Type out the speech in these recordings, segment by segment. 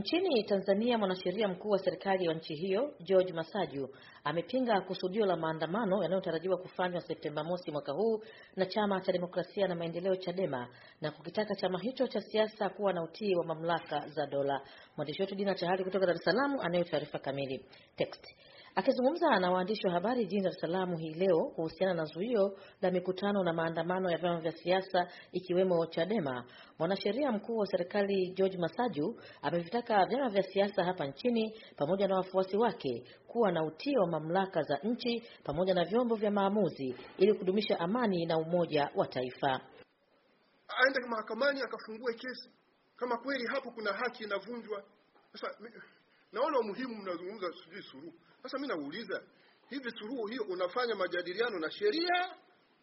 Nchini Tanzania, mwanasheria mkuu wa serikali wa nchi hiyo George Masaju amepinga kusudio la maandamano yanayotarajiwa kufanywa Septemba mosi mwaka huu na chama cha demokrasia na maendeleo Chadema na kukitaka chama hicho cha siasa kuwa na utii wa mamlaka za dola. Mwandishi wetu Dina Chahali kutoka Dar es Salaam anayo taarifa kamili. Text. Akizungumza na waandishi wa habari jijini Dar es Salaam hii leo kuhusiana na zuio la mikutano na maandamano ya vyama vya siasa ikiwemo Chadema, mwanasheria mkuu wa serikali George Masaju amevitaka vyama vya siasa hapa nchini pamoja na wafuasi wake kuwa na utii wa mamlaka za nchi pamoja na vyombo vya maamuzi ili kudumisha amani na umoja wa taifa. Aende mahakamani akafungue kesi kama kweli hapo kuna haki inavunjwa. Sasa naona umuhimu mnazungumza sijui suruhu. Sasa mimi nauliza, hivi suruhu hiyo unafanya majadiliano na sheria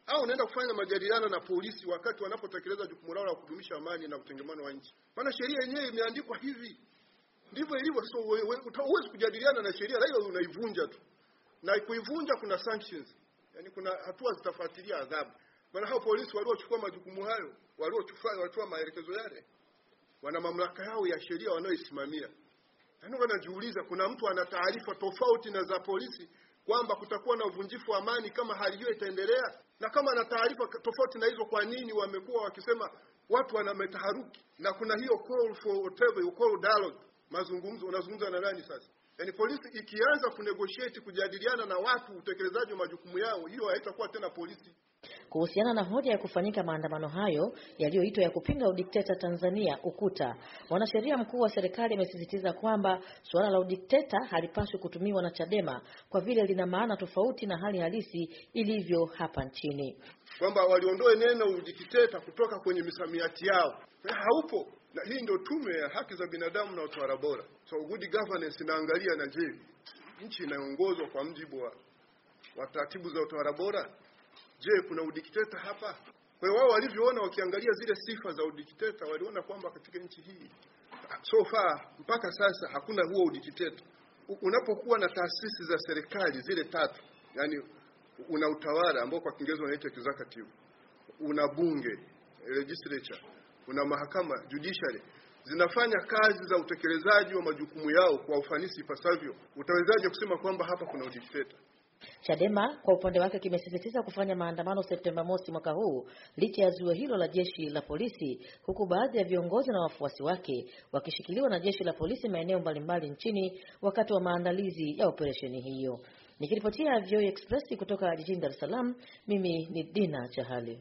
au unaenda kufanya majadiliano na polisi wakati wanapotekeleza jukumu lao la kudumisha amani na utengemano wa nchi? Maana sheria yenyewe imeandikwa hivi, ndivyo ilivyo. Sasa huwezi kujadiliana na sheria, hiyo unaivunja tu, na kuivunja kuna sanctions, yani kuna hatua zitafuatilia adhabu. Maana hao polisi waliochukua majukumu hayo, waliochukua maelekezo yale, wana mamlaka yao ya sheria wanayoisimamia. Yaani najiuliza kuna mtu ana taarifa tofauti na za polisi kwamba kutakuwa na uvunjifu wa amani kama hali hiyo itaendelea, na kama ana taarifa tofauti na hizo, kwa nini wamekuwa wakisema watu wana metaharuki? Na kuna hiyo call for whatever you call dialogue, mazungumzo. Unazungumza na nani sasa? Yaani polisi ikianza kunegotiate, kujadiliana na watu utekelezaji wa majukumu yao, hiyo haitakuwa tena polisi kuhusiana na hoja ya kufanyika maandamano hayo yaliyoitwa ya kupinga udikteta Tanzania UKUTA. Mwanasheria mkuu wa serikali amesisitiza kwamba suala la udikteta halipaswi kutumiwa na Chadema kwa vile lina maana tofauti na hali halisi ilivyo hapa nchini, kwamba waliondoe neno udikteta kutoka kwenye misamiati yao, haupo na hii ndio Tume ya Haki za Binadamu na Utawala Bora, so good governance inaangalia na je, nchi inayoongozwa kwa mjibu wa, wa taratibu za utawala bora Je, kuna udikteta hapa? Kwa wao walivyoona, wakiangalia zile sifa za udikteta, waliona kwamba katika nchi hii so far mpaka sasa hakuna huo udikteta. Unapokuwa na taasisi za serikali zile tatu, yani una utawala ambao kwa Kiingereza unaitwa executive, una bunge legislature, una mahakama judiciary, zinafanya kazi za utekelezaji wa majukumu yao kwa ufanisi ipasavyo, utawezaje kusema kwamba hapa kuna udikteta? Chadema kwa upande wake kimesisitiza kufanya maandamano Septemba mosi mwaka huu licha ya zuio hilo la jeshi la polisi, huku baadhi ya viongozi na wafuasi wake wakishikiliwa na jeshi la polisi maeneo mbalimbali nchini wakati wa maandalizi ya operesheni hiyo. Nikiripotia VOA e Express kutoka jijini Dar es Salaam, mimi ni Dina Chahali.